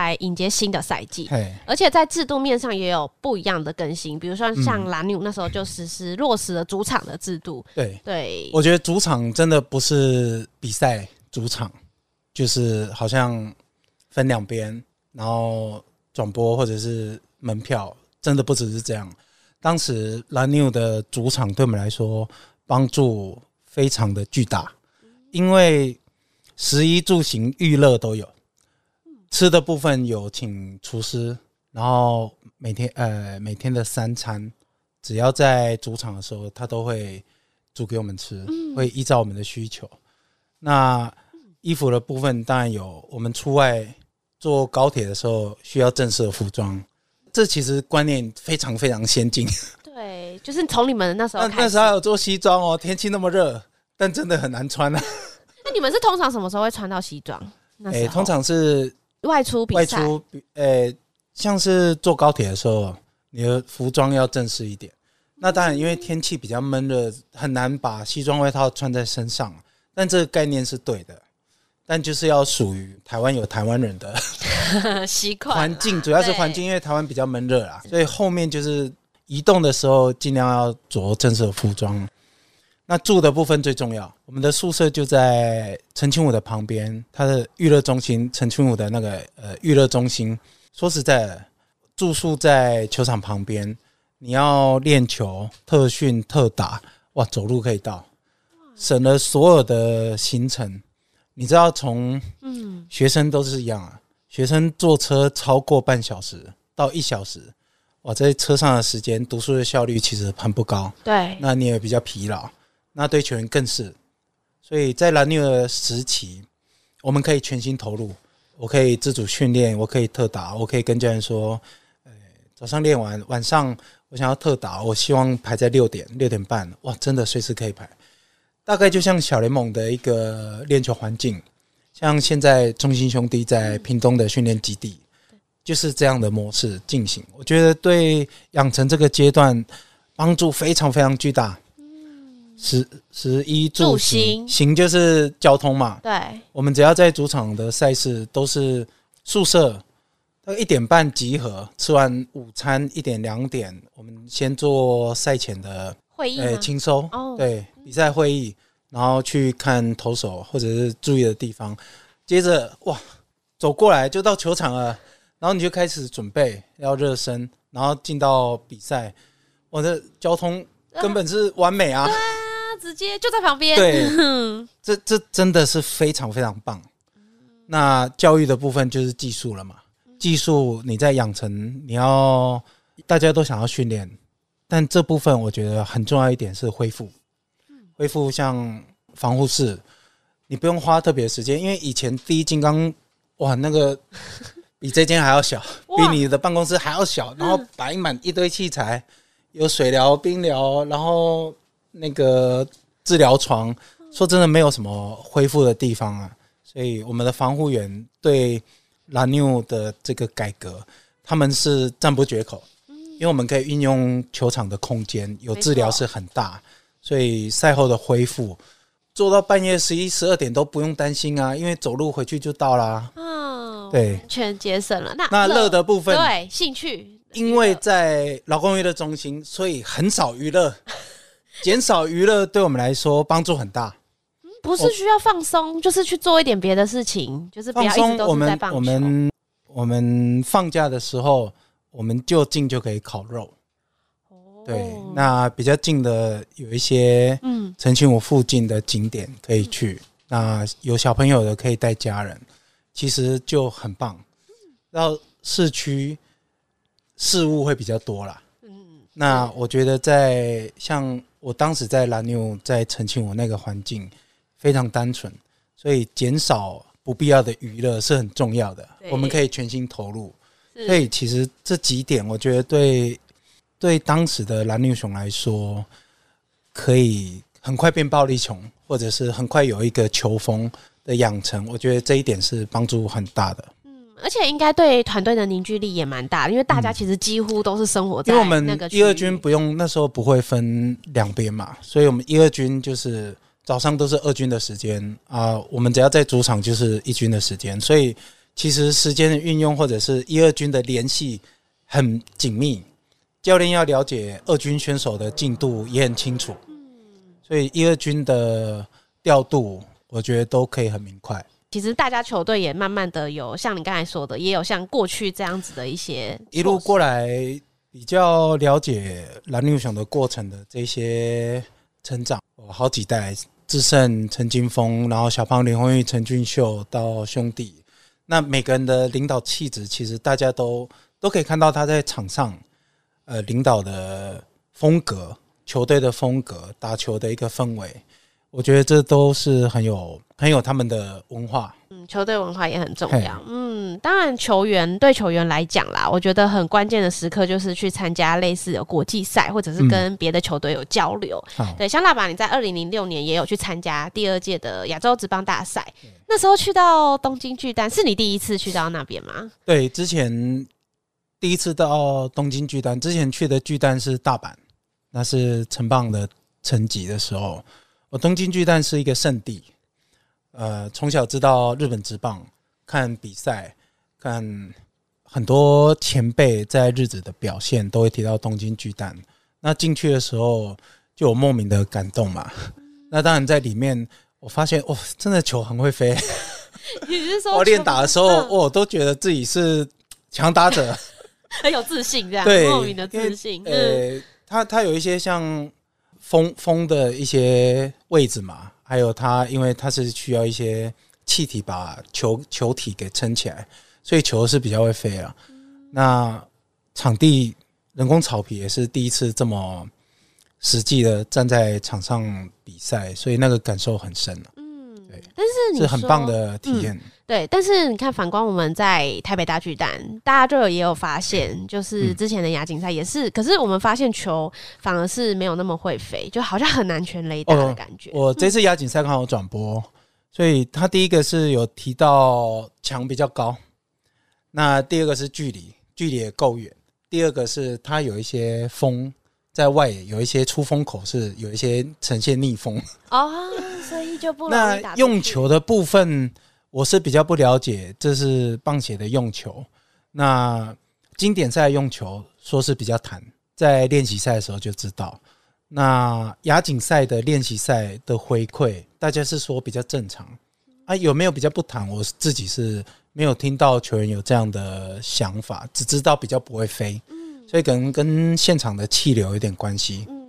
來迎接新的賽季，而且在制度面上也有不一樣的更新，比如說像 La New、嗯、那時候就實施落實了主場的制度。嗯、對，對我覺得主場真的不是比賽主場，就是好像分兩邊，然後轉播或者是門票，真的不只是這樣。當時 La New 的主場對我們來說幫助非常的巨大，嗯、因為食衣住行育樂都有。吃的部分有請廚師，然後每天呃每天的三餐，只要在主場的時候，他都會煮給我們吃，嗯、會依照我們的需求。那衣服的部分當然有，我們出外坐高鐵的時候需要正式的服裝，嗯，這其實觀念非常非常先進。對，就是從你們那時候那，那時候還有做西裝哦，天氣那麼熱，但真的很難穿、啊。 那你們是通常什麼時候會穿到西裝？哎、欸，通常是。外出比賽，外出比誒、欸，像是坐高鐵的時候，你的服裝要正式一點。那當然，因為天氣比較悶熱，很難把西裝外套穿在身上。但這個概念是對的，但就是要屬於台灣有台灣人的習 慣。環境主要是環境，因為台灣比較悶熱啦，所以後面就是移動的時候盡量要着正式的服裝。那住的部分最重要。我們的宿舍就在澄清湖的旁邊，他的娛樂中心，澄清湖的那個呃娛樂中心。說實在的，住宿在球場旁邊，你要練球、特訓、特打，哇，走路可以到，省了所有的行程。你知道，從學生都是一樣啊、嗯，學生坐車超過半小時到一小時，哇，在車上的時間，讀書的效率其實很不高。對，那你也比較疲勞。那對球員更是，所以在 La New 的時期，我們可以全心投入，我可以自主訓練，我可以特打，我可以跟教練說，呃，早上練完，晚上我想要特打，我希望排在六點、六點半，哇，真的隨時可以排，大概就像小聯盟的一個練球環境，像現在中信兄弟在屏東的訓練基地，就是這樣的模式進行，我覺得對養成這個階段幫助非常非常巨大。十十一住,住行行就是交通嘛。對，我們只要在主場的賽事都是宿舍，一點半集合，吃完午餐一點兩點，我們先做賽前的會議，哎、欸，輕鬆哦。對，比賽會議，然後去看投手或者是注意的地方，接着哇，走過來就到球場了，然後你就開始準備要熱身，然後進到比賽，我的交通根本是完美啊。啊直接就在旁邊。對，這這真的是非常非常棒。嗯、那教育的部分就是技術了嘛？技術你在養成，你要大家都想要訓練，但這部分我覺得很重要一點是恢復。恢復像防護室，你不用花特別時間，因為以前第一金剛哇，那個比這間還要小，比你的辦公室還要小，然後擺滿一堆器材，嗯、有水療、冰療，然後，那個治療床，說真的，沒有什麼恢復的地方啊。所以我們的防護員對 La New 的這個改革，他們是讚不絕口。因為我們可以運用球場的空間，有治療室很大。所以賽後的恢復做到半夜十一、十二點都不用擔心啊，因為走路回去就到啦。哦，對，全節省了。那樂那樂的部分，對興趣，因為在勞工娛樂中心，所以很少娛樂。 減少娛樂對我們來說幫助很大，嗯，不是需要放鬆，哦，就是去做一點別的事情，就是，是放鬆。我們我們我們放假的時候，我們就近就可以烤肉。哦、對，那比較近的有一些，嗯，澄清湖附近的景點可以去。嗯、那有小朋友的可以帶家人，其實就很棒。然後，嗯，市區事物會比較多啦。嗯，那我覺得在像。我當時在 La New，在澄清我那個環境非常單純，所以減少不必要的娛樂是很重要的。我們可以全心投入。所以其實這幾點，我覺得對對當時的 La New 熊來說，可以很快變暴力熊，或者是很快有一個球風的養成。我覺得這一點是幫助很大的。而且應該對團隊的凝聚力也蠻大的，因為大家其實幾乎都是生活在那個、嗯。因為我們一二軍不用那時候不會分兩邊嘛，所以我們一二軍就是早上都是二軍的時間啊、呃，我們只要在主場就是一軍的時間，所以其實時間的運用或者是一二軍的聯繫很緊密，教練要了解二軍選手的進度也很清楚，嗯，所以一二軍的調度我覺得都可以很明快。其實大家球隊也慢慢的有像你剛才說的，也有像過去這樣子的一些一路過來比較了解 La New 熊的過程的這些成長。好幾代，智勝、陳金鋒，然後小胖林泓育陳俊秀到兄弟，那每個人的領導氣質，其實大家都都可以看到他在場上呃領導的風格、球隊的風格、打球的一個氛圍。我覺得這都是很有很有他們的文化，嗯，球隊文化也很重要，嗯，當然球員對球員來講啦，我覺得很關鍵的時刻就是去參加類似的國際賽，或者是跟別的球隊有交流。嗯。對，像大阪，你在二零零六年也有去參加第二屆的亞洲職棒大賽，那時候去到東京巨蛋，是你第一次去到那邊嗎？對，之前第一次到東京巨蛋，之前去的巨蛋是大阪，那是成棒的成績的時候。我東京巨蛋是一個聖地，呃，從小知道日本職棒，看比賽，看很多前輩在日職的表現，都會提到東京巨蛋。那進去的時候，就有莫名的感動嘛。嗯、那當然在裡面，我發現哇、哦，真的球很會飛。你是說 我練打的時候、哦，我都覺得自己是強打者， 很有自信這樣。對，莫名的自信。對、嗯呃、他他有一些像。風風的一些位置嘛，還有它，因為它是需要一些氣體把球球體給撐起來，所以球是比較會飛啊。那場地人工草皮也是第一次這麼實際的站在場上比賽，所以那個感受很深啊。但是，你是很棒的體驗，嗯。對，但是你看，反觀我們在台北大巨蛋，大家就有也有發現，就是之前的亞錦賽也是，嗯，可是我們發現球反而是沒有那麼會飛，就好像很難全壘打的感覺。哦，我這次亞錦賽剛好轉播、嗯，所以它第一個是有提到牆比較高，那第二個是距離，距離也夠遠，第二個是它有一些風。在外有一些出風口是有一些呈現逆風哦、oh，所以就不能打。 那用球的部分，我是比較不了解。這是棒協的用球。那經典賽用球說是比較彈，在練習賽的時候就知道。那亞錦賽的練習賽的回饋，大家是說比較正常啊？有沒有比較不彈？我自己是沒有聽到球員有這樣的想法，只知道比較不會飛。所以可能跟現場的氣流有點關係，嗯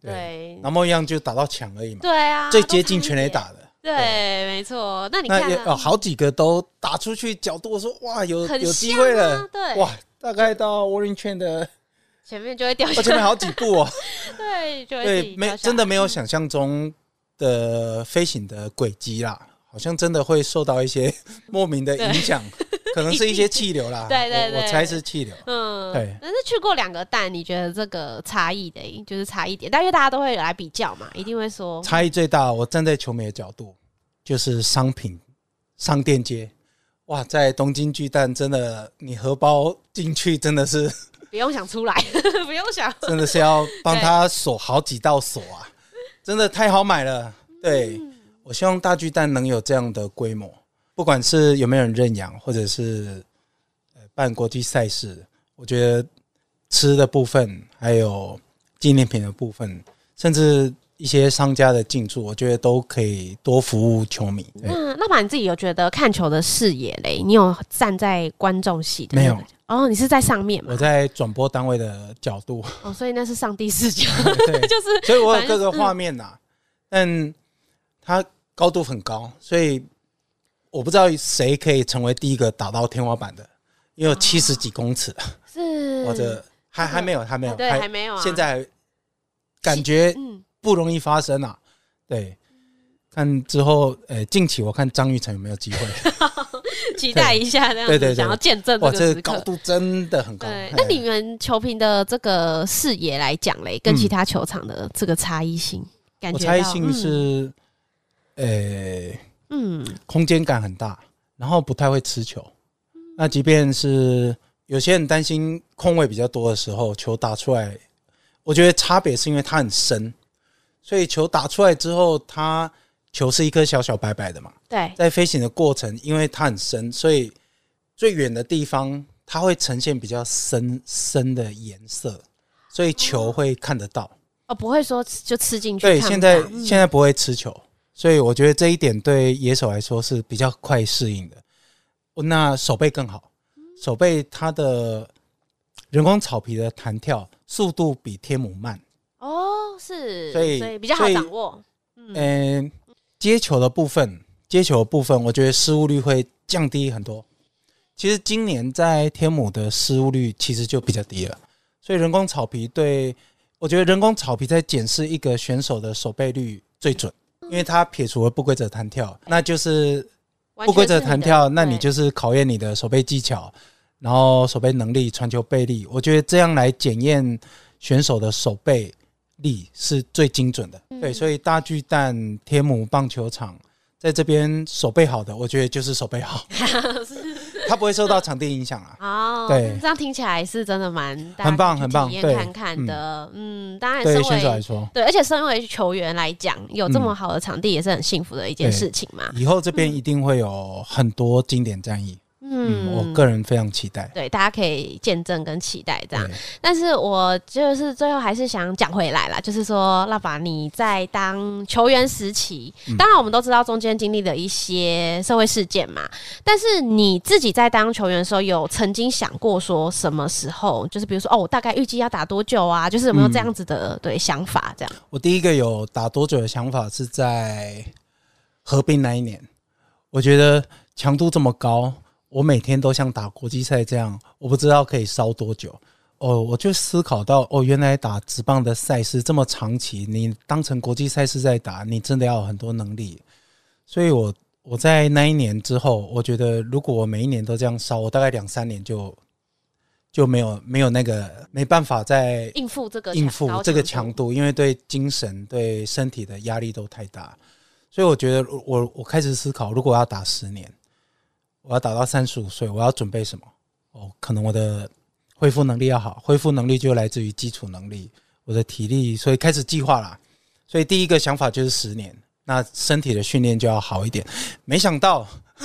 對，對，那麼一樣就打到牆而已嘛。對啊，最接近全壘打的。對，對沒錯。那你看、啊、有好幾個都打出去角度說，說哇，有、啊、有機會了對，對，哇，大概到 warning 圈的前面就會掉下來了、哦、前面好幾步哦、喔。 對，就對，沒真的沒有想象中的飛行的軌跡啦，好像真的會受到一些 莫名的影響。可能是一些氣流啦， 對對，對我猜是氣流。嗯，對，但是去過兩個蛋，你覺得這個差異的，就是差異點，但因為大家都會來比較嘛，啊、一定會說差異最大。我站在球迷的角度，就是商品商店街哇，在東京巨蛋真的，你荷包進去真的是不用想出來， 不用想，真的是要幫他鎖好幾道鎖啊，真的太好買了。對、嗯、我希望大巨蛋能有這樣的規模。不管是有沒有人認養，或者是辦、呃、國際賽事，我覺得吃的部分，還有紀念品的部分，甚至一些商家的進駐，我覺得都可以多服務球迷。那那老闆你自己有覺得看球的視野嘞？你有站在觀眾席、那個？沒有哦，你是在上面嘛？我在轉播單位的角度哦，所以那是上帝視角， 對， 就是。所以我有各個畫面吶、啊嗯，但它高度很高，所以。我不知道誰可以成為第一個打到天花板的，因為有七十幾公尺。哦、是或者還還沒有，還沒有，對，還、還沒有、啊。現在感覺不容易發生啊。對、嗯，看之後，呃、欸，近期我看張育成有沒有機會， 期待一下，這樣子 對、對、對、對對，想要見證哇，這個高度真的很高。對，對那你們球評的這個視野來講嘞，跟其他球場的這個差異性、嗯，感覺差異性是，呃、嗯。欸嗯，空間感很大，然後不太會吃球。嗯、那即便是有些人擔心空位比較多的時候球打出來，我覺得差別是因為它很深，所以球打出來之後，它球是一顆小小白白的嘛。對，在飛行的過程，因為它很深，所以最遠的地方它會呈現比較深深的顏色，所以球會看得到。哦，不會說就吃進去看看。對，現在、嗯、現在不會吃球。所以我覺得這一點對野手來說是比較快適應的。那守備更好，守備它的人工草皮的彈跳速度比天母慢。哦，是，所以所以比較好掌握。嗯、呃，接球的部分，接球的部分我覺得失誤率會降低很多。其實今年在天母的失誤率其實就比較低了。所以人工草皮對，我覺得人工草皮在檢視一個選手的守備率最準。因為他撇除了不規則彈跳，那就是不規則彈跳，那你就是考驗你的守備技巧，然後守備能力、傳球臂力。我覺得這樣來檢驗選手的守備力是最精準的。對，所以大巨蛋、天母棒球場在這邊守備好的，我覺得就是守備好。 他不會受到場地影響啊！ 哦，對，這樣聽起來是真的蠻很棒、很棒，體驗看看的，嗯，當然，對選手來說，對，而且身為球員來講，有這麼好的場地也是很幸福的一件事情嘛。以後這邊一定會有很多經典戰役。嗯嗯,嗯，我個人非常期待。對，大家可以見證跟期待這樣。但是我就是最後還是想講回來啦，就是說，拉法，你在當球員時期、嗯，當然我們都知道中間經歷了一些社會事件嘛。但是你自己在當球員的時候，有曾經想過說什麼時候？就是比如說，哦，我大概預計要打多久啊？就是有沒有這樣子的、嗯、對想法？這樣。我第一個有打多久的想法是在合併那一年，我覺得強度這麼高。我每天都像打國際賽這樣，我不知道可以燒多久。哦，我就思考到，哦，原來打職棒的賽事這麼長期。你當成國際賽事在打，你真的要有很多能力。所以我，我我在那一年之後，我覺得如果我每一年都這樣燒，我大概兩三年就就沒有沒有那個沒辦法再應付這個應付這個強度，因為對精神對身體的壓力都太大。所以，我覺得我我開始思考，如果要打十年。我要打到三十五歲，我要準備什麼？哦，可能我的恢復能力要好，恢復能力就來自於基礎能力，我的體力，所以開始計劃了。所以第一個想法就是十年，那身體的訓練就要好一點。沒想到，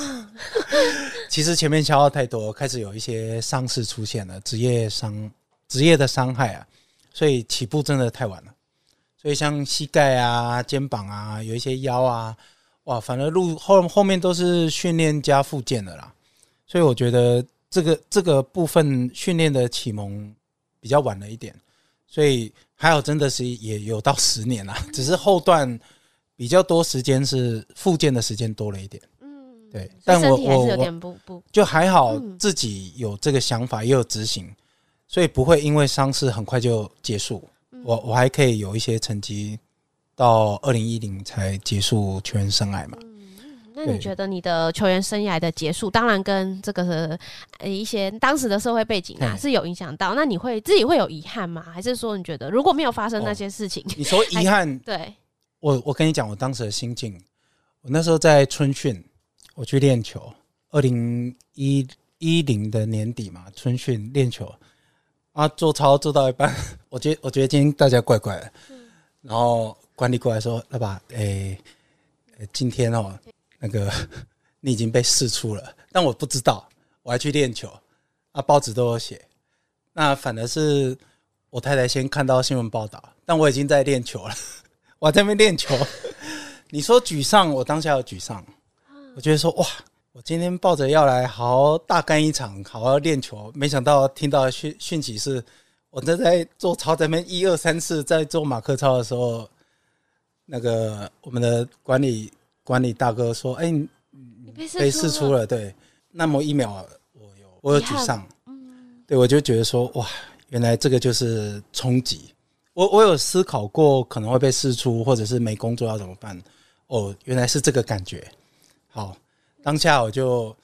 其實前面消耗太多，開始有一些傷勢出現了，職業傷、職業的傷害啊。所以起步真的太晚了，所以像膝蓋啊、肩膀啊，有一些腰啊。哇，反正錄後後面都是訓練加復健的啦，所以我覺得這個這個部分訓練的啟蒙比較晚了一點，所以還好，真的是也有到十年啦，嗯。只是後段比較多時間是復健的時間多了一點，嗯，對，但我不我我就還好，自己有這個想法也有執行，嗯，所以不會因為傷勢很快就結束，嗯，我我還可以有一些成績。到二零一零才結束球員生涯嘛，嗯？那你覺得你的球員生涯的結束，當然跟這個呃一些當時的社會背景啊是有影響到。那你會自己會有遺憾嗎？還是說你覺得如果沒有發生那些事情，哦，你說遺憾？對我，我跟你講我當時的心境。我那時候在春訓，我去練球。二零一一、二零一零的年底嘛，春訓練球啊，做操做到一半，我覺得我覺得今天大家怪怪的，嗯、然後。管理過來說：“那爸，誒、欸欸，今天哦、喔，那個你已經被釋出了，但我不知道，我還去練球啊。報紙都有寫，那反而是我太太先看到新聞報道，但我已經在練球了，我還在那邊練球。你說沮喪，我當下有沮喪，我覺得說哇，我今天抱着要來好好大幹一場，好好練球，沒想到聽到訊訊息是，是我正在做操，在那邊一二三四在做馬克操的時候。”那個我們的管理管理大哥說：“哎、欸、嗯，你被釋出了，對，那麼一秒我有我有，我有沮喪，yeah. 對，我就覺得說哇，原來這個就是衝擊。我我有思考過可能會被釋出或者是沒工作要怎麼辦。哦，原來是這個感覺。好，當下我就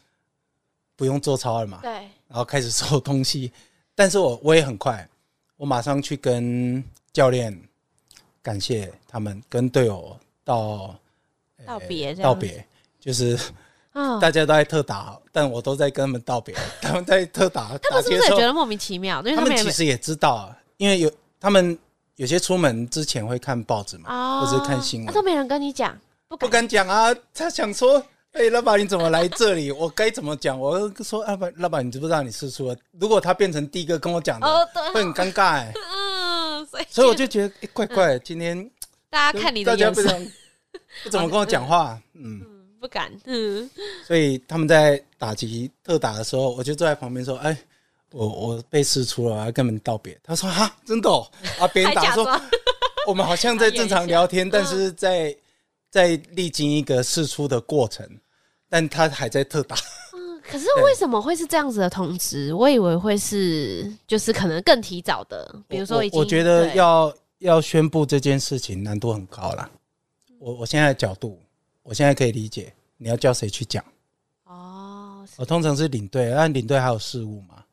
不用做操了嘛，對，然後開始收東西。但是我我也很快，我馬上去跟教練。”感謝他們跟隊友道道別，道別就是，大家都在特打、哦，但我都在跟他們道別。他們在特打，他們是不是也覺得莫名其妙？因為他們，他們其實也知道，因為有他們有些出門之前會看報紙嘛，哦、或者看新聞、啊，都沒人跟你講，不敢講啊。他想說：“哎、欸，老板你怎麼來這裡？ 我該怎麼講？”我說：“啊，老板，老板你知不知道你是足了？如果他變成第一個跟我講的、哦哦，會很尷尬、欸。”哎。所以我就覺得哎，怪、欸、怪、嗯，今天大家看你的眼神不，不怎麼跟我講話、啊嗯，嗯，不敢，嗯。所以他們在打擊特打的時候，我就坐在旁邊說：“哎、欸，我我被釋出了，我要跟你們道別。”他說：“哈，真的、哦嗯、啊，別人打的時候我們好像在正常聊天，啊、但是在在歷經一個釋出的過程、嗯，但他還在特打。”可是為什麼會是這樣子的通知？我以為會是就是可能更提早的，比如說我，我，我覺得要要宣布這件事情難度很高啦。我我現在的角度，我現在可以理解你要叫誰去講？哦，我通常是領隊，那、啊、領隊還有事務嘛？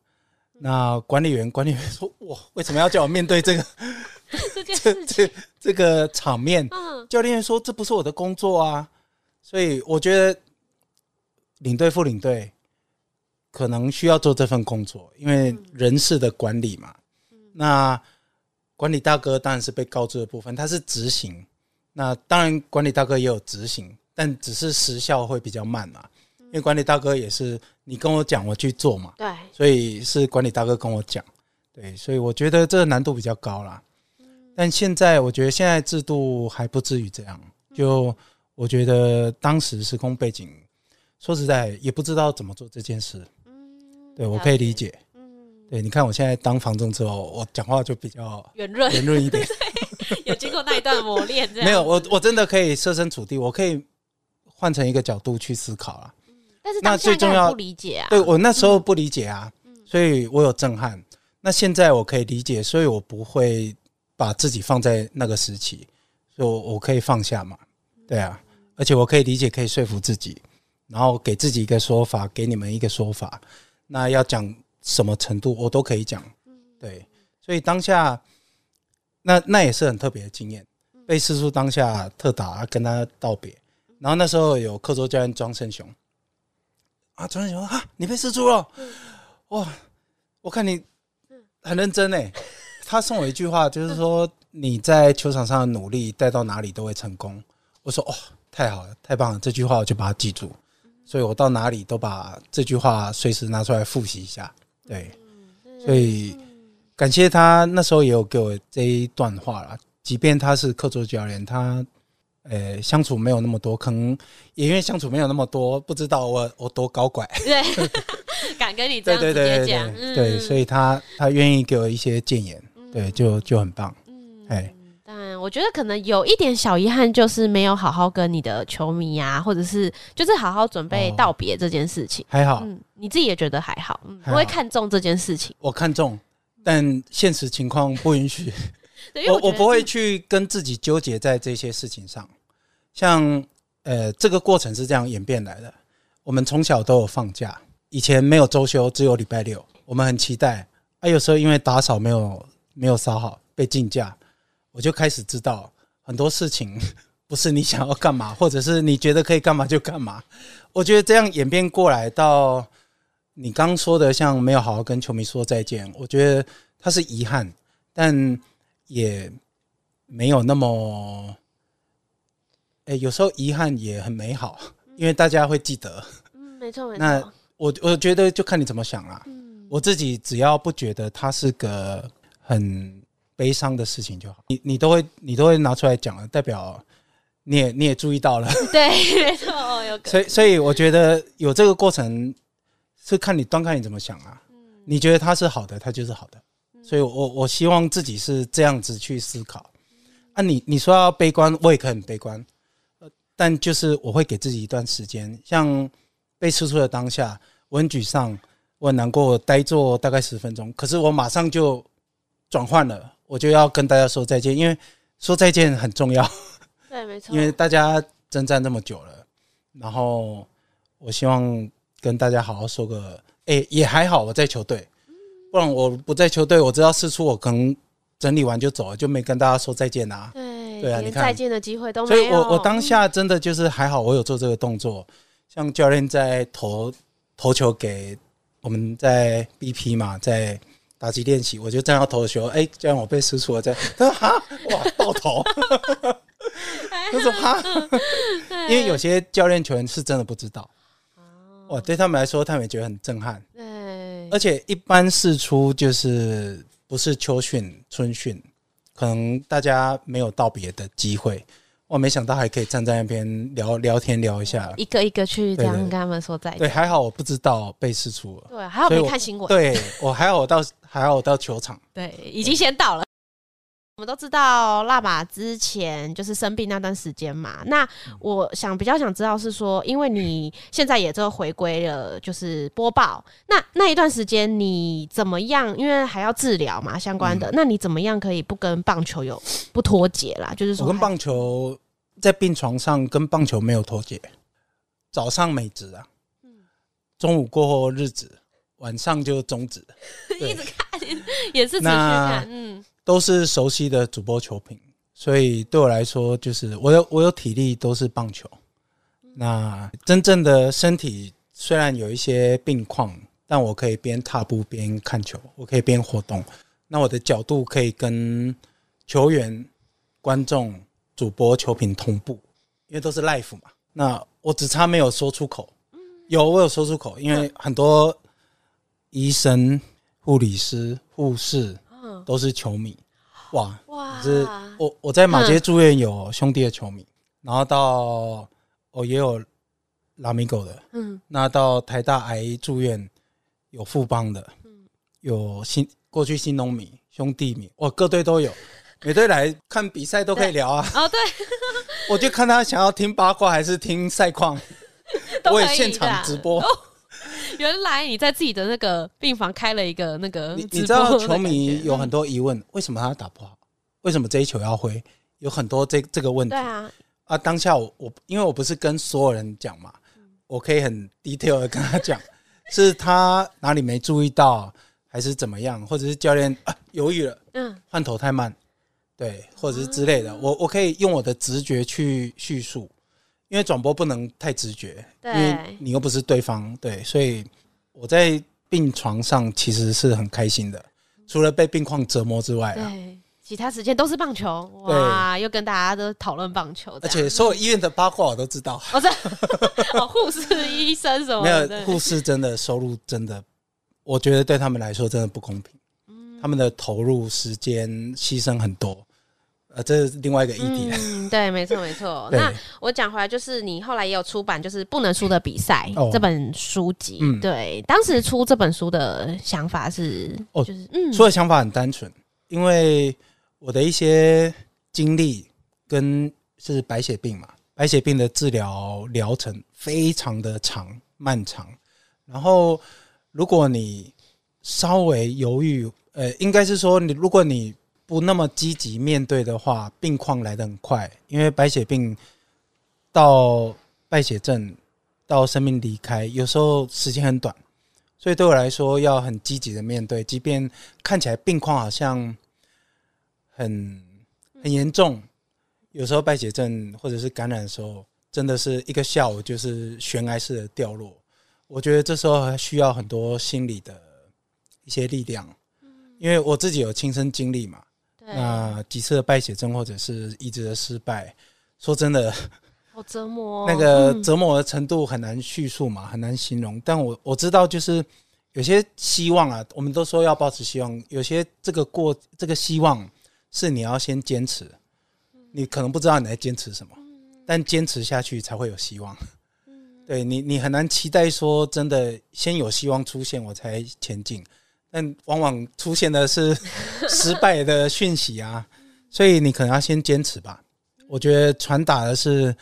那管理員，管理員說：“哇，為什麼要叫我面對這個 這這這， 這個場面？”嗯、教練說：“這不是我的工作啊。”所以我覺得領隊、副領隊。可能需要做這份工作，因為人事的管理嘛。嗯、那管理大哥當然是被告知的部分，他是執行。那當然管理大哥也有執行，但只是時效會比較慢嘛。嗯、因為管理大哥也是你跟我講，我去做嘛。對，所以是管理大哥跟我講。對，所以我覺得這個難度比較高啦。嗯、但現在我覺得現在制度還不至於這樣。就我覺得當時時空背景，說實在也不知道怎麼做這件事。對，我可以理解，了解。嗯，對，你看我現在當房東之後，我講話就比較圓潤圓潤一點，有 經過那一段磨練。 沒有，我我真的可以設身處地，我可以換成一個角度去思考啊。但是、啊、那最重要不理解啊。對，我那時候不理解啊，嗯，所以我有震撼。那現在我可以理解，所以我不會把自己放在那個時期，所以我我可以放下嘛。對啊，而且我可以理解，可以說服自己，然後給自己一個說法，給你們一個說法。那要講什麼程度，我都可以講。對，所以當下，那那也是很特別的經驗。被釋出當下特打、啊、跟他道別，然後那時候有客座教練莊勝雄，啊，莊勝雄啊，你被釋出了，哇，我看你很認真呢。他送我一句話，就是說：“你在球場上的努力帶到哪裡都會成功。”我說：“哦，太好了，太棒了！”這句話我就把它記住。所以我到哪裡都把這句話隨時拿出來複習一下，對、嗯。所以感謝他那時候也有給我這一段話啦，即便他是客座教練，他呃、欸、相處沒有那麼多坑，可能也因為相處沒有那麼多，不知道我我多搞怪，對 敢跟你這樣子對對對對對直接講、嗯，對，所以他他願意給我一些建言，對，就就很棒，對、嗯我覺得可能有一點小遺憾，就是沒有好好跟你的球迷啊，或者是就是好好準備道別這件事情。哦、還好、嗯，你自己也覺得還好、嗯、還好，不會看重這件事情。我看重，但現實情況不允許。 對，因為我我不會去跟自己糾結在這些事情上。像呃，這個過程是這樣演變來的。我們從小都有放假，以前沒有周休，只有禮拜六。我們很期待啊，有時候因為打掃沒有沒有掃好，被禁假。我就開始知道很多事情不是你想要幹嘛，或者是你覺得可以幹嘛就幹嘛。我覺得這樣演變過來到你剛說的，像沒有好好跟球迷說再見，我覺得他是遺憾，但也沒有那麼……哎、欸，有時候遺憾也很美好，嗯，因為大家會記得。嗯，沒錯沒錯。那我我覺得就看你怎麼想啦、啊嗯。我自己只要不覺得他是個很。悲傷的事情就好，你你都會你都會拿出來講了，代表你也你也注意到了，對，沒 錯、哦，所以所以我覺得有這個過程是看你端看你怎麼想啊。嗯、你覺得它是好的，它就是好的。所以我，我我希望自己是這樣子去思考。那、嗯啊、你你說要悲觀，我也可以很悲觀、呃，但就是我會給自己一段時間，像被釋出的當下，我很沮喪，我很難過，呆坐大概十分鐘，可是我馬上就轉換了，我就要跟大家說再見，因為說再見很重要。對，沒錯。因為大家征戰那麼久了，然後我希望跟大家好好說個，哎、欸，也還好我在球隊、嗯，不然我不在球隊，我知道四處我可能整理完就走了，就沒跟大家說再見啊。對，對啊，連再見的機會都沒有。所以我我當下真的就是還好，我有做這個動作，像教練在投、嗯、投球給我們在 BP 嘛，在。打擊練習，我就正要投球，哎、欸，這樣我被釋出了這樣。他說哈哇爆頭。他說哈，因為有些教練球員是真的不知道，哦，哇，對他們來說，他們也覺得很震撼。對，而且一般釋出就是不是秋訓春訓，可能大家沒有道別的機會。我沒想到還可以站在那邊聊聊天，聊一下，一個一個去這樣跟他們說再見。對，對，對，還好我不知道被釋出了。對、啊，還好沒看新聞。對，我還好，我 到還好，我到球場。對，已經先到了。我們都知道，辣馬之前就是生病那段時間嘛。那我想比較想知道是說，因為你現在也就回歸了，就是播報。那那一段時間你怎麼樣？因為還要治療嘛，相關的、嗯。那你怎麼樣可以不跟棒球有不脫節啦？就是說，我跟棒球。在病床上跟棒球沒有脫節，早上美職啊、嗯，中午過後日職，晚上就中職。嗯、 一直看也是持續看，嗯，都是熟悉的主播球評，所以對我來說就是我有我有體力都是棒球，嗯、那真正的身體雖然有一些病況，但我可以邊踏步邊看球，我可以邊活動，那我的角度可以跟球員、觀眾。主播、球評同步，因為都是 life 嘛。那我只差沒有說出口。嗯、有我有說出口，因為很多醫生、護理師、護士、嗯、都是球迷。哇哇！是我我在馬偕住院有兄弟的球迷，嗯、然後到哦也有拉米狗的。嗯，那到台大癌醫住院有富邦的，嗯、有新過去新農民兄弟迷，哇，各隊都有。每隊來看比賽都可以聊啊！哦，對， 我就看他想要聽八卦還是聽賽況。 我也現場直播 、哦。原來你在自己的那個病房開了一個那個直播。你，你知道球迷有很多疑問，嗯、為什麼他打不好？為什麼這一球要揮？有很多這這個問題。對啊，啊，當下我我因為我不是跟所有人講嘛，我可以很 detail 的跟他講， 是他哪裡沒注意到，還是怎麼樣？或者是教練、啊、猶豫了，嗯，換頭太慢。對，或者是之類的，啊、我我可以用我的直覺去敘述，因為轉播不能太直覺。對，因為你又不是對方，對，所以我在病床上其實是很開心的，除了被病況折磨之外，啊，其他時間都是棒球，哇，又跟大家都討論棒球，而且所有醫院的八卦我都知道，哦， 是護士、醫生什麼的，護士真的收入真的，我覺得對他們來說真的不公平，嗯、他們的投入時間犧牲很多。呃，這是另外一個議題。嗯，對，沒錯，沒錯。 那我講回來，就是你後來也有出版，就是不能輸的比賽、哦、這本書籍。嗯，對，當時出這本書的想法是、就是，哦，就是嗯，出的想法很單純，因為我的一些經歷跟是白血病嘛，白血病的治療療程非常的長漫長。然後，如果你稍微猶豫，呃，應該是說你如果你。不那麼積極面對的話，病況來的很快。因為白血病到敗血症到生命離開，有時候時間很短，所以對我來說要很積極的面對，即便看起來病況好像很很嚴重，有時候敗血症或者是感染的時候，真的是一個下午就是懸崖式的掉落。我覺得這時候還需要很多心理的一些力量，因為我自己有親身經歷嘛。那、呃、幾次的敗血症或者是移植的失敗，說真的，好折磨，哦。 那個折磨的程度很難敘述嘛、嗯，很難形容。但我我知道，就是有些希望啊，我們都說要保持希望。有些這個過，這個希望是你要先堅持，嗯。你可能不知道你在堅持什麼，嗯，但堅持下去才會有希望。嗯，對你，你很難期待說真的，先有希望出現我才前進。但往往出現的是失敗的訊息啊， 所以你可能要先堅持吧。我覺得傳達的是，誒、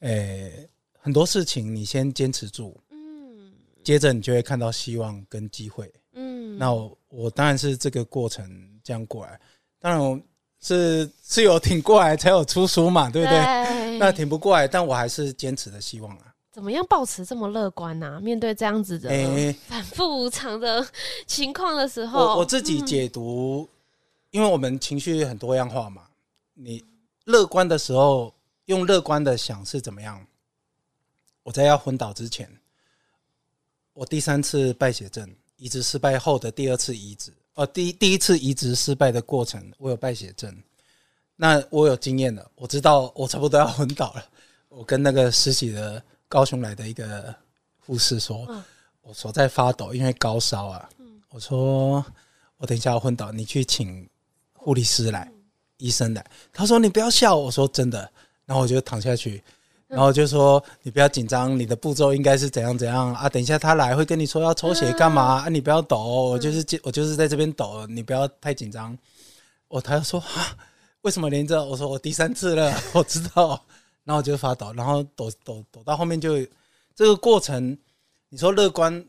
欸，很多事情你先堅持住，嗯，接着你就會看到希望跟機會，嗯。那我我當然是這個過程這樣過來，當然我是是有挺過來才有出書嘛，對不對？對 那挺不過來，但我還是堅持的希望啊。怎麼樣保持這麼樂觀呢、啊？面對這樣子的反覆無常的情況的時候，欸、我，我自己解讀、嗯，因為我們情緒很多樣化嘛。你樂觀的時候用樂觀的想是怎麼樣？我在要昏倒之前，我第三次敗血症移植失敗後的第二次移植，哦、呃，第第一次移植失敗的過程，我有敗血症，那我有經驗的，我知道我差不多要昏倒了。我跟那個實習的。高雄來的一個護士說：“我手在發抖，因為高燒啊。”我說：“我等一下要昏倒，你去請護理師來，醫生來。”他說：“你不要笑，我說真的。”然後我就躺下去，然後我就說：“你不要緊張，你的步驟應該是怎樣怎樣啊？等一下他來會跟你說要抽血幹嘛啊？你不要抖，我就是我就是在這邊抖，你不要太緊張。”我他說：“為什麼連着？”我說：“我第三次了，我知道。”然後我就發抖，然後抖抖抖到後面就這個過程。你說樂觀，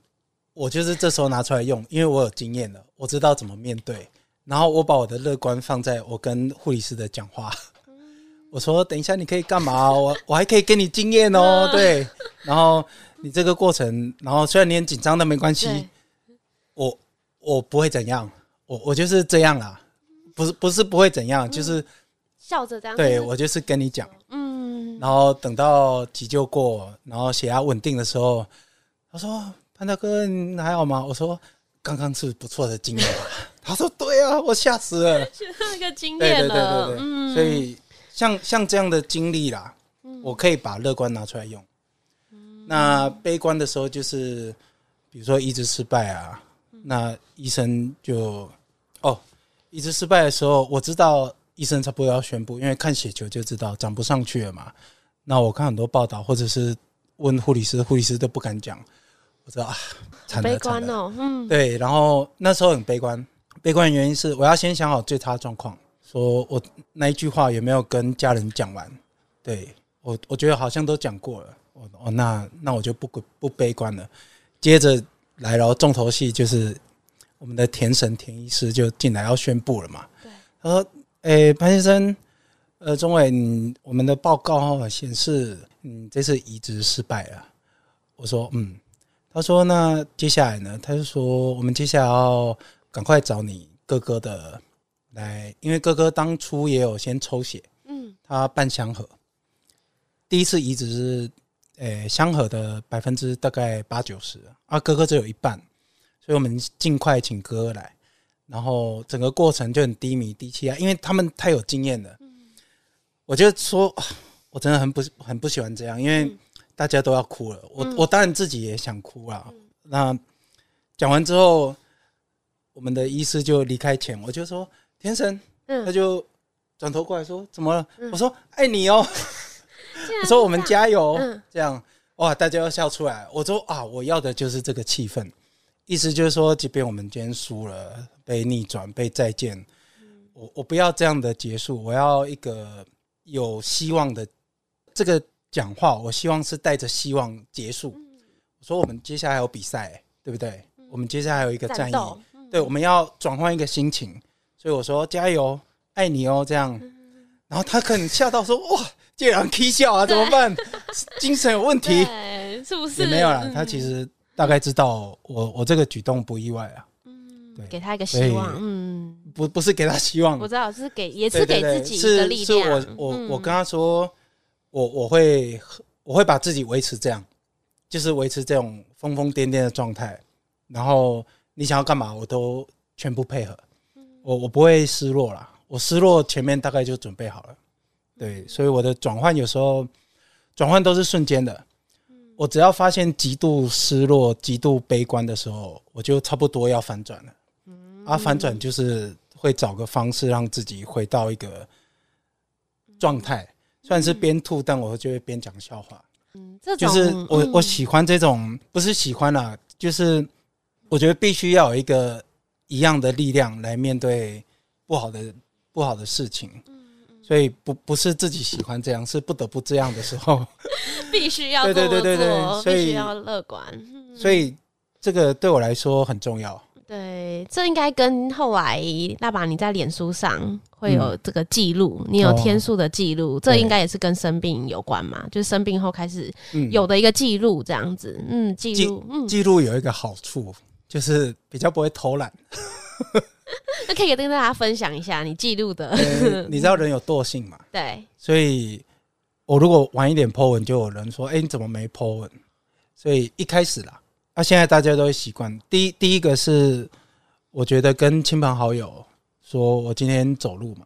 我就是這時候拿出來用，因為我有經驗了，我知道怎麼面對。然後我把我的樂觀放在我跟護理師的講話，嗯、我說：“等一下你可以幹嘛？ 我我還可以給你經驗哦。嗯”對，然後你這個過程，然後雖然你很緊張都沒關係，我我不會怎樣，我我就是這樣啦。不是不是不會怎樣，就是、嗯、笑着這樣。對我就是跟你講，嗯然後等到急救過，然後血壓穩定的時候，他說：“潘大哥，你還好嗎？”我說：“剛剛是不錯的經驗吧。 ”他說：“對啊，我嚇死了， 那個經驗了對對對對對，嗯、所以像像這樣的經歷啦，我可以把樂觀拿出來用，嗯。那悲觀的時候就是，比如說移植失敗啊，那醫生就哦，移植失敗的時候，我知道。醫生差不多要宣佈，因為看血球就知道長不上去了嘛。那我看很多報道，或者是問護理師，護理師都不敢講，我知道啊，很悲觀哦，嗯，對。然後那時候很悲觀，悲觀的原因是我要先想好最差狀況，說我那一句話有沒有跟家人講完？對，我我覺得好像都講過了，哦哦，那那我就不不悲觀了。接着來，然後重頭戲就是我們的田神田醫師就進來要宣佈了嘛，對，他說。誒、欸，潘先生，呃，忠韋，我們的報告哈顯示，嗯，這次移植失敗了。我說，嗯，他說，那接下來呢？他就說，我們接下來要趕快找你哥哥的來，因為哥哥當初也有先抽血，嗯，他半相合，第一次移植是，呃、欸，相合的百分之大概八九十，啊，哥哥只有一半，所以我們儘快請哥哥來。然後整個過程就很低迷低氣壓、啊，因為他們太有經驗了。嗯、我就說，我真的很不很不喜歡這樣，因為大家都要哭了。我、嗯、我當然自己也想哭啊、嗯。那講完之後，我們的醫師就離開前，我就說：“天神。嗯”他就轉頭過來說：“怎麼了、嗯？”我說：“愛你哦。 ”我說：“我們加油。嗯”這樣哇，大家都笑出來。我說：“啊，我要的就是這個氣氛。”意思就是說，即便我們今天輸了、被逆轉、被再見，嗯、我我不要這樣的結束，我要一個有希望的這個講話。我希望是帶着希望結束、嗯。我說我們接下來還有比賽，對不對、嗯？我們接下來還有一個戰役，戰對，我們要轉換一個心情。所以我說加油，愛你哦、喔，這樣、嗯。然後他可能嚇到說：“哇，竟然可以笑啊，怎麼辦？精神有問題，是不是？”也沒有啦，他其實。大概知道我我這個舉動不意外啊，嗯，對，給他一個希望，嗯，不不是給他希望，我知道是給也是給自己一個力量。對對對是，我我我跟他說，嗯、我我會我會把自己維持這樣，就是維持這種瘋瘋癲癲的狀態。然後你想要幹嘛，我都全部配合。嗯、我我不會失落啦，我失落前面大概就準備好了，對，所以我的轉換有時候轉換都是瞬間的。我只要發現極度失落、極度悲觀的時候，我就差不多要反轉了。而、嗯啊、反轉就是會找個方式讓自己回到一個狀態、嗯，雖然是邊吐、嗯，但我就會邊講笑話、嗯。就是我我喜歡這種、嗯，不是喜歡啦，就是我覺得必須要有一個一樣的力量來面對不好的不好的事情。嗯所以不不是自己喜歡這樣，是不得不這樣的時候， 必須要做、做。對對對對，必須要樂觀、嗯。所以這個對我來說很重要。對，這應該跟後來那把你在臉書上會有這個記錄、嗯，你有天數的記錄、哦，這應該也是跟生病有關嘛？就是生病後開始有的一個記錄，這樣子。嗯，記錄、嗯，記錄、嗯、有一個好處，就是比較不會偷懶。 那可以跟大家分享一下你記錄的，欸。你知道人有惰性嘛。對，所以我如果晚一點 Po 文，就有人說：“哎、欸，你怎麼沒 Po 文？”所以一開始啦，那、啊、現在大家都會習慣。第一，第一個是我覺得跟親朋好友說我今天走路嘛；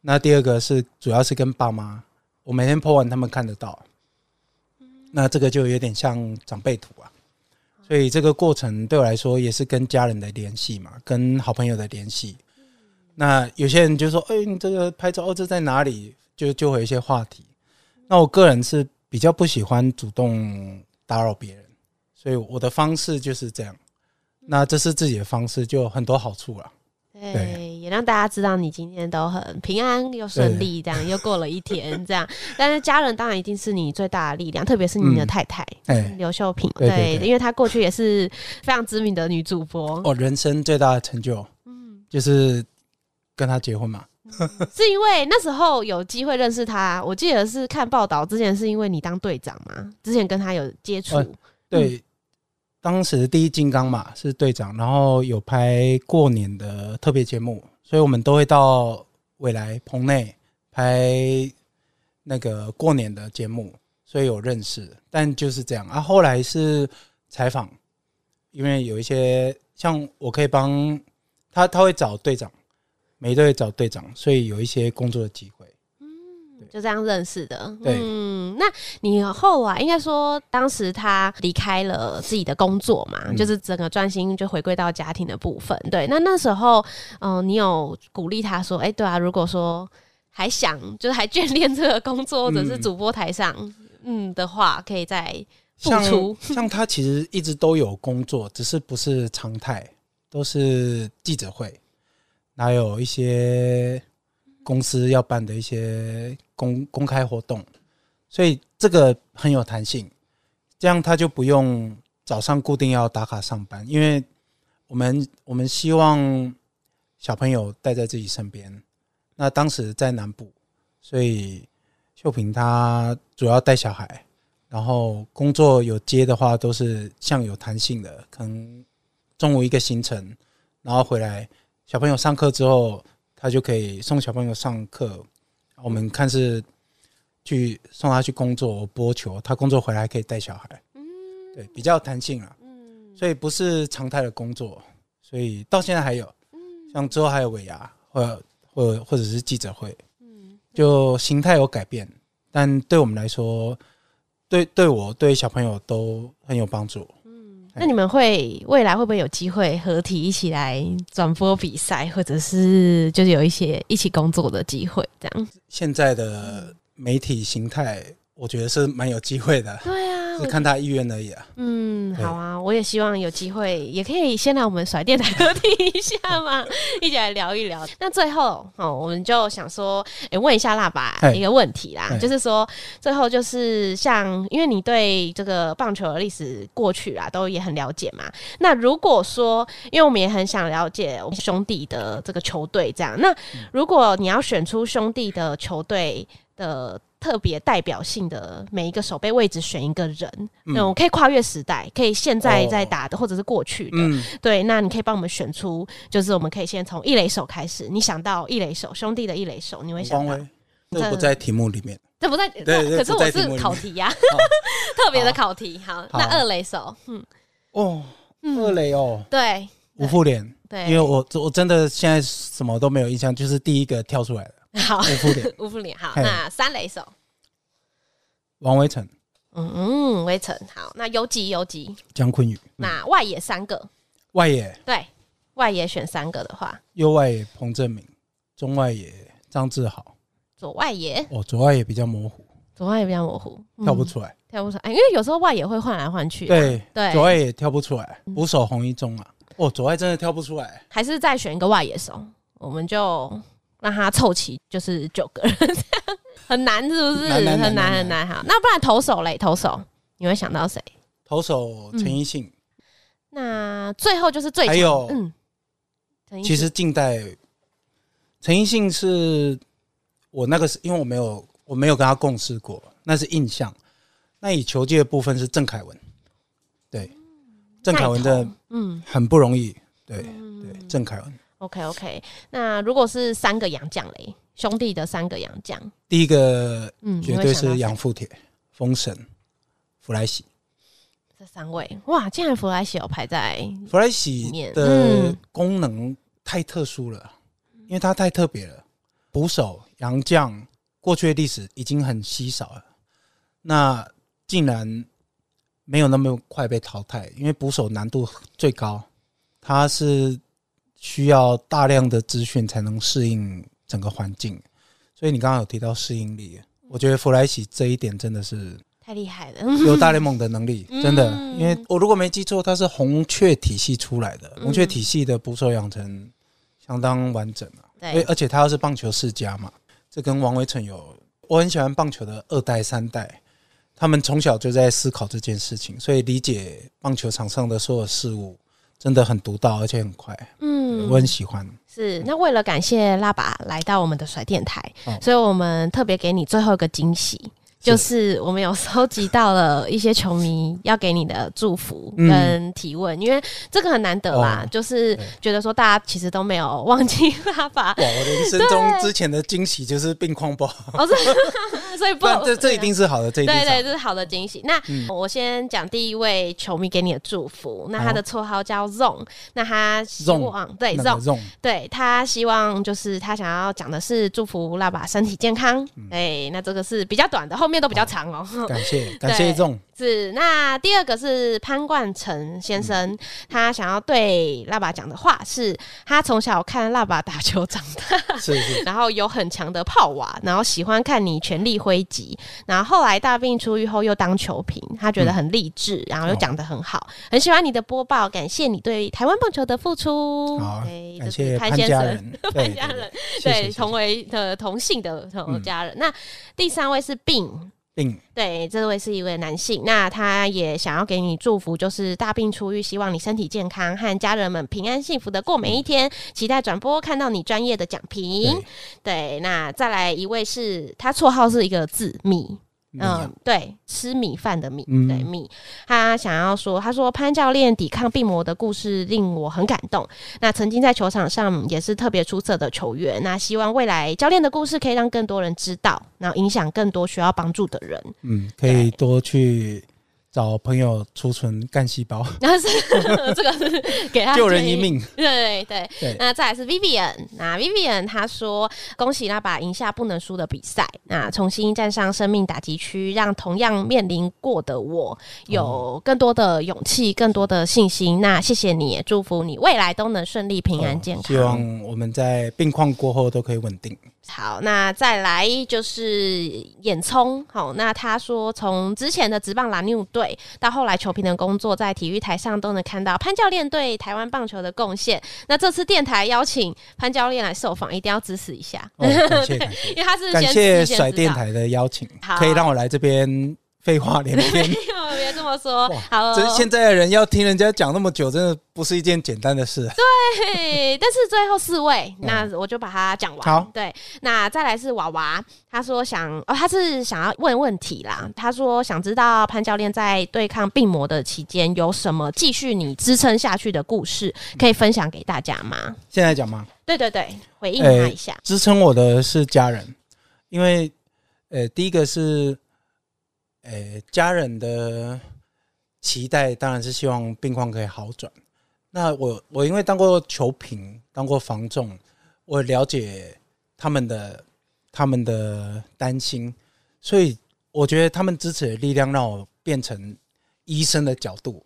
那第二個是主要是跟爸媽，我每天 Po 完他們看得到，那這個就有點像長輩圖啊。所以這個過程對我來說也是跟家人的聯繫嘛，跟好朋友的聯繫。那有些人就說：“哎，你這個拍照哦，這在哪裡？”就就會有一些話題。那我個人是比較不喜歡主動打擾別人，所以我的方式就是這樣。那這是自己的方式，就有很多好處了。對，也讓大家知道你今天都很平安又順利，這樣。對對對，又過了一天，這樣。對對對，但是家人當然一定是你最大的力量， 特別是你的太太劉、嗯、秀平。嗯、對，對，對，對，對，對，對，因為她過去也是非常知名的女主播。哦，人生最大的成就，嗯、就是跟她結婚嘛。嗯、是因為那時候有機會認識她，我記得是看報道之前，是因為你當隊長嘛，之前跟她有接觸、哦，對。嗯當時第一金剛嘛，是隊長，然後有拍過年的特別節目，所以我們都會到緯來棚內拍那個過年的節目，所以有認識。但就是這樣啊，後來是採訪，因為有一些像我可以幫他，他會找隊長，每隊找隊長，所以有一些工作的機會。就這樣認識的。嗯，那你後來應該說，當時他離開了自己的工作嘛，嗯、就是整個專心就回歸到家庭的部分。對，那那時候，嗯、呃，你有鼓勵他說：“哎、欸，對啊，如果說還想，就是還眷戀這個工作，或者是主播台上嗯，嗯的話，可以再付出。像”像他其實一直都有工作，只是不是常態，都是記者會，還有一些公司要辦的一些。公公開活動，所以這個很有彈性，這樣他就不用早上固定要打卡上班，因為我們我們希望小朋友待在自己身邊。那當時在南部，所以秀萍她主要帶小孩，然後工作有接的話都是像有彈性的，可能中午一個行程，然後回來小朋友上課之後，他就可以送小朋友上課。我們看是去送他去工作、播球，他工作回來還可以帶小孩，嗯，對，比較彈性啊，嗯，所以不是常態的工作，所以到現在還有，像之後還有尾牙，或或或者是記者會，嗯，就形態有改變，但對我們來說，對對我對小朋友都很有幫助。那你們會未來會不會有機會合體一起來轉播比賽，或者是就是有一些一起工作的機會這樣？現在的媒體形態，我覺得是蠻有機會的。對啊。欸、看他意願而已啊。嗯，好啊，我也希望有機會，也可以先來我們甩電台合聽一下嘛， 一起來聊一聊。那最後哦，我們就想說，欸、問一下辣爸一個問題啦，就是說，最後就是像，因為你對這個棒球的歷史過去啊，都也很了解嘛。那如果說，因為我們也很想了解我們兄弟的這個球隊，這樣，那如果你要選出兄弟的球隊的。特別代表性的每一個守備位置選一個人，嗯、那我可以跨越時代，可以現在在打的，哦，或者是過去的。嗯、對，那你可以幫我們選出，就是我們可以先從一壘手開始。你想到一壘手，兄弟的一壘手，你會想方威。這不在題目裡面，這不在？不在，可是我是考題呀，啊，題 特別的考題好。好，那二壘手？嗯，哦，二壘哦，嗯、對，吳復連，對，因為我我真的現在什麼都沒有印象，就是第一個跳出來的。好，五副你 好，那三壘手，王威晨。嗯嗯，威晨。好，那游擊游擊，江坤宇、嗯。那外野三個，外野。對外野選三個的話，右外野彭政閔，中外野張志豪，左外野哦，左外野比較模糊，左外野比較模糊，嗯、跳不出來，嗯、跳不出來、欸。因為有時候外野會換來換去、啊。對對，左外野跳不出來，五手紅一中啊、嗯。哦，左外真的跳不出來，還是再選一個外野手，我們就。讓他湊齊就是九個人， 很難是不是？很難，難，難，難很難哈難難難。那不然投手嘞？投手你會想到誰？投手陳義信。嗯、那最後就是最還有、嗯、其實近代陳義信是我那個是因為我沒有我沒有跟他共事過，那是印象。那以球界的部分是鄭凱文，對，鄭、嗯、凱文的嗯很不容易，對、嗯、對鄭凱文。OK，OK，okay, okay. 那如果是三個洋將嘞，兄弟的三個洋將，第一個，嗯，絕對是楊富鐵、風神、弗萊西這三位。哇，竟然弗萊西有排在裡面。弗萊西的功能太特殊了，嗯、因為他太特別了。捕手洋將過去的歷史已經很稀少了，那竟然沒有那麼快被淘汰，因為捕手難度最高，他是。需要大量的資訊才能適應整個環境，所以你剛剛有提到適應力，我覺得弗萊奇這一點真的是太厲害了，有大聯盟的能力，真的。因為我如果沒記錯，他是紅雀體系出來的，紅雀體系的捕手養成相當完整對，啊，而且他又是棒球世家嘛，這跟王維成有，我很喜歡棒球的二代三代，他們從小就在思考這件事情，所以理解棒球場上的所有事物。真的很獨到，而且很快嗯，嗯，我很喜歡。是，那為了感謝辣爸來到我們的甩電台，嗯、所以我們特別給你最後一個驚喜。就是我們有收集到了一些球迷要給你的祝福跟提問，嗯、因為這個很難得啦、哦。就是覺得說大家其實都沒有忘記拉法。哇，我人生中之前的驚喜就是病況不好、哦，所以不，這這一定是好的。這一定是好的對，對對，這是好的驚喜。那、嗯、我先講第一位球迷給你的祝福。那他的綽號叫 Zong，那他希望對 Zong，對、那個、Zong, 對，他希望就是他想要講的是祝福拉法身體健康。哎、嗯，那這個是比較短的後面都比較長哦、好，感謝感謝一眾。是，那第二個是潘冠辰先生，嗯，他想要對喇叭講的話是他從小看喇叭打球長大，是是是，然後有很強的砲瓦，然後喜歡看你全力揮擊，然後後來大病初癒後又當球評，他覺得很勵志，然後又講得很好，嗯，很喜歡你的播報，感謝你對台灣棒球的付出，好，啊，謝、okay, 謝潘先生，潘家人， 家人對，對，對，對，謝謝，對同為、呃、同性的同姓的同家人。那第三位是病。對，這位是一位男性，那他也想要給你祝福，就是大病初癒，希望你身體健康和家人們平安幸福的過每一天，期待轉播看到你專業的講評對。對，那再來一位是，他綽號是一個字密。嗯，嗯，對，吃米飯的米，嗯、對，米，他想要說，他說潘教練抵抗病魔的故事令我很感動。那曾經在球場上也是特別出色的球員，那希望未來教練的故事可以讓更多人知道，然後影響更多需要幫助的人。嗯，可以多去，找朋友儲存幹細胞，那是這個是給他救人一命。 對，對，對，對對，那再來是 Vivian，那 Vivian 他說：“恭喜那把贏下不能輸的比賽，那重新站上生命打擊區，讓同樣面臨過的我有更多的勇氣、更多的信心。哦”那謝謝你，祝福你未來都能順利、平安、健康、哦。希望我們在病況過後都可以穩定。好，那再來就是眼蔥好、哦，那他說從之前的職棒 La New 對，到後來球評的工作，在體育台上都能看到潘教練對台灣棒球的貢獻。那這次電台邀請潘教練來受訪，一定要支持一下，哦、感謝， 因為他是先感謝甩電台的邀請，啊、可以讓我來這邊。廢話連篇，別這麼說。好、哦，真現在的人要聽人家講那麼久，真的不是一件簡單的事。對，但是最後四位， 那我就把它講完、嗯。對，那再來是娃娃，他說想哦，他是想要問問題啦。他說想知道潘教練在對抗病魔的期間有什麼繼續你支撐下去的故事，可以分享給大家嗎？現在講嗎？對對對，回應、欸、他一下。支撐我的是家人，因為呃、欸，第一個是。呃、哎，家人的期待當然是希望病況可以好轉。那我我因為當過球評，當過防重，我了解他們的他們的擔心，所以我覺得他們支持的力量讓我變成醫生的角度。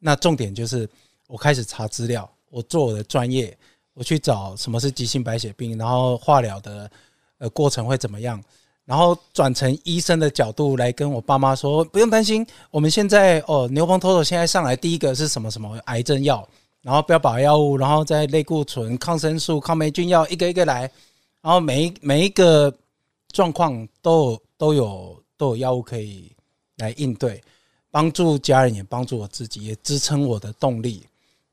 那重點就是我開始查資料，我做我的專業，我去找什麼是急性白血病，然後化療的呃過程會怎麼樣。然後轉成醫生的角度來跟我爸媽說，不用擔心，我們現在哦，牛磺脫氧現在上來第一個是什麼什麼癌症藥，然後標靶藥物，然後再類固醇、抗生素、抗黴菌藥一個一個來，然後每一每一個狀況都有都有都有藥物可以來應對，幫助家人也幫助我自己，也支撐我的動力。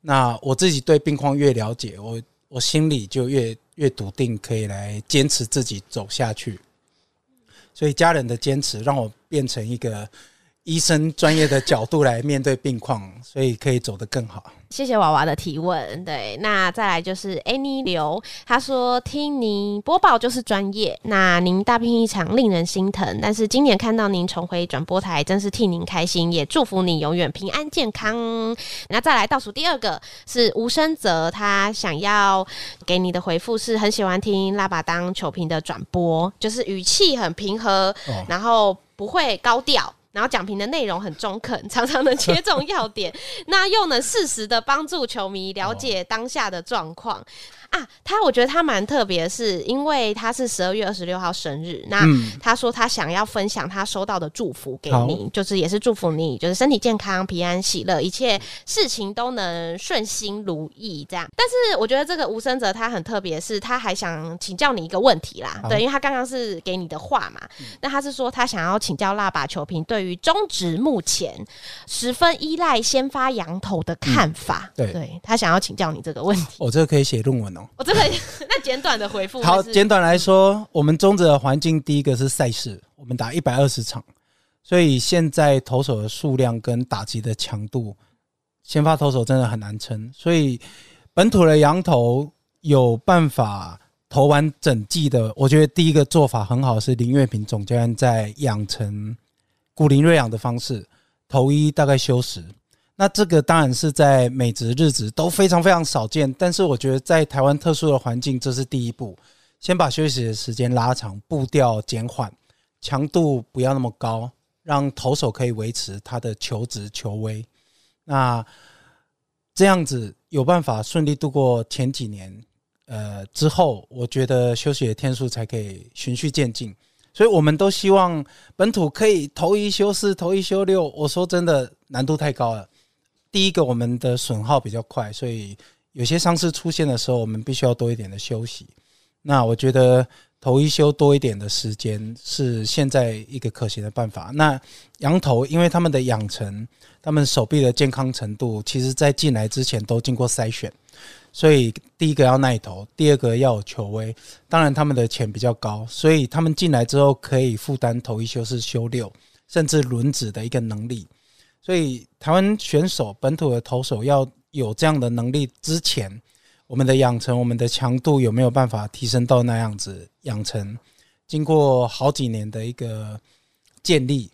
那我自己對病況越了解，我我心裡就越越篤定，可以來堅持自己走下去。所以家人的堅持讓我變成一個。醫生專業的角度來面對病況， 所以可以走得更好。謝謝娃娃的提問。對，那再來就是 Annie 劉，他說聽您播報就是專業。那您大病一場，令人心疼。但是今年看到您重回轉播台，真是替您開心，也祝福你永遠平安健康。那再來倒數第二個是吳生澤，他想要給你的回復是很喜歡聽拉爸當球評的轉播，就是語氣很平和，哦、然後不會高調。然後，講評的內容很中肯，常常能切中要點， 那又能適時的幫助球迷了解當下的狀況。哦啊，他我覺得他蠻特別，是因為他是十二月二十六號生日。那他說他想要分享他收到的祝福給你，嗯、就是也是祝福你，就是身體健康、平安、喜樂，一切事情都能順心如意這樣。但是我覺得這個吳生哲他很特別，是他還想請教你一個問題啦，對，因為他剛剛是給你的話嘛、嗯，那他是說他想要請教喇叭球評對於中職目前十分依賴先發洋投的看法、嗯對。對，他想要請教你這個問題，我、哦、這個可以寫論文、啊。我真的那簡短的回復，好，簡短來說，我們中職的環境，第一個是賽事，我們打一百二十場，所以現在投手的數量跟打擊的強度，先發投手真的很難撐，所以本土的洋投有辦法投完整季的，我覺得第一個做法很好，是林岳平總教練在養成古林睿煬的方式，投一大概休十。那這個當然是在美職、日職都非常非常少見，但是我覺得在台灣特殊的環境，這是第一步，先把休息的時間拉長，步調減緩，強度不要那麼高，讓投手可以維持他的球質球威。那這樣子有辦法順利度過前幾年，呃，之後我覺得休息的天數才可以循序漸進。所以我們都希望本土可以投一休四、投一休六。我說真的，難度太高了。第一個，我們的損耗比較快，所以有些傷勢出現的時候，我們必須要多一點的休息。那我覺得投一休多一點的時間是現在一個可行的辦法。那洋投，因為他們的養成、他們手臂的健康程度，其實在進來之前都經過篩選，所以第一個要耐投，第二個要有球威。當然，他們的錢比較高，所以他們進來之後可以負擔投一休是休六甚至輪子的一個能力。所以台灣選手本土的投手要有這樣的能力之前，我們的養成、我們的強度有沒有辦法提升到那樣子？養成經過好幾年的一個建立，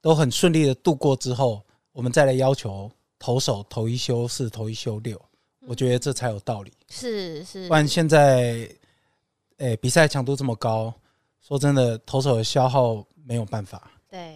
都很順利的度過之後，我們再來要求投手投一休四、投一休六，我覺得這才有道理。是是，不然現在誒、哎、比賽強度這麼高，說真的，投手的消耗沒有辦法。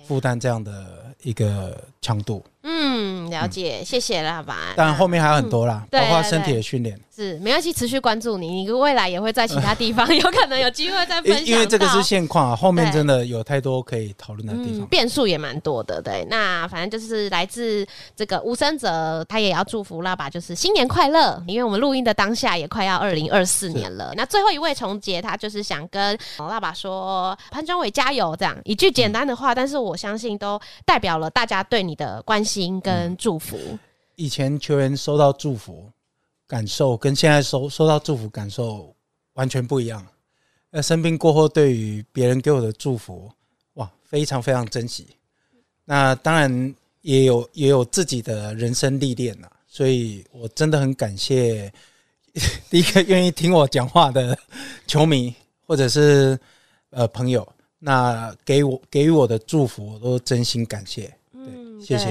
負擔這樣的一個強度。嗯嗯，了解，嗯、謝謝，辣爸。但後面還有很多啦、嗯，包括身體的訓練是沒關係，持續關注你，你未來也會在其他地方、呃、有可能有機會再分享。因為這個是現況啊，後面真的有太多可以討論的地方，嗯、變數也蠻多的。對，那反正就是來自這個吳生者，他也要祝福辣爸，就是新年快樂。因為我們錄音的當下也快要二零二四年了。那最後一位重杰，他就是想跟辣爸說：“潘忠韋加油！”這樣一句簡單的話、嗯，但是我相信都代表了大家對你的關心。跟祝福，嗯，以前球員收到祝福，感受跟現在收收到祝福感受完全不一樣。那生病過後，對於別人給我的祝福，哇，非常非常珍惜。那當然也有也有自己的人生歷練吶，啊，所以我真的很感謝第一個願意聽我講話的球迷或者是呃朋友，那給我給予我的祝福，我都真心感謝。謝謝，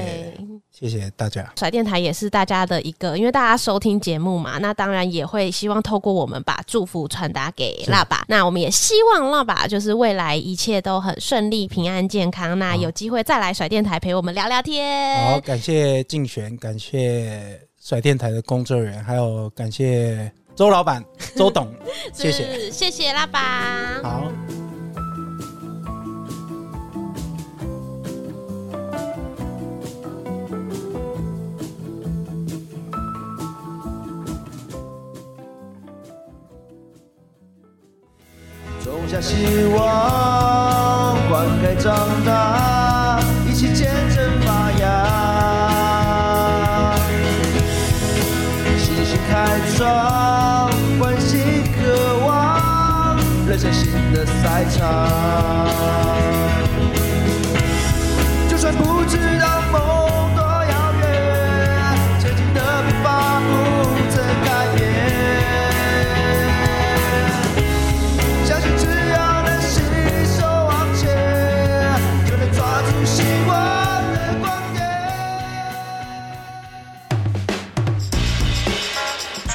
謝謝大家。甩電台也是大家的一個，因為大家收聽節目嘛，那當然也會希望透過我們把祝福傳達給辣爸。那我們也希望辣爸就是未來一切都很順利、平安、健康。那有機會再來甩電台陪我們聊聊天。哦、好，感謝靖玄，感謝甩電台的工作人員，還有感謝周老板、 周董，謝謝，謝謝辣爸、嗯。好。種下希望，灌溉長大，一起見證發芽。信心,心開創，關心渴望，邁向新的賽場。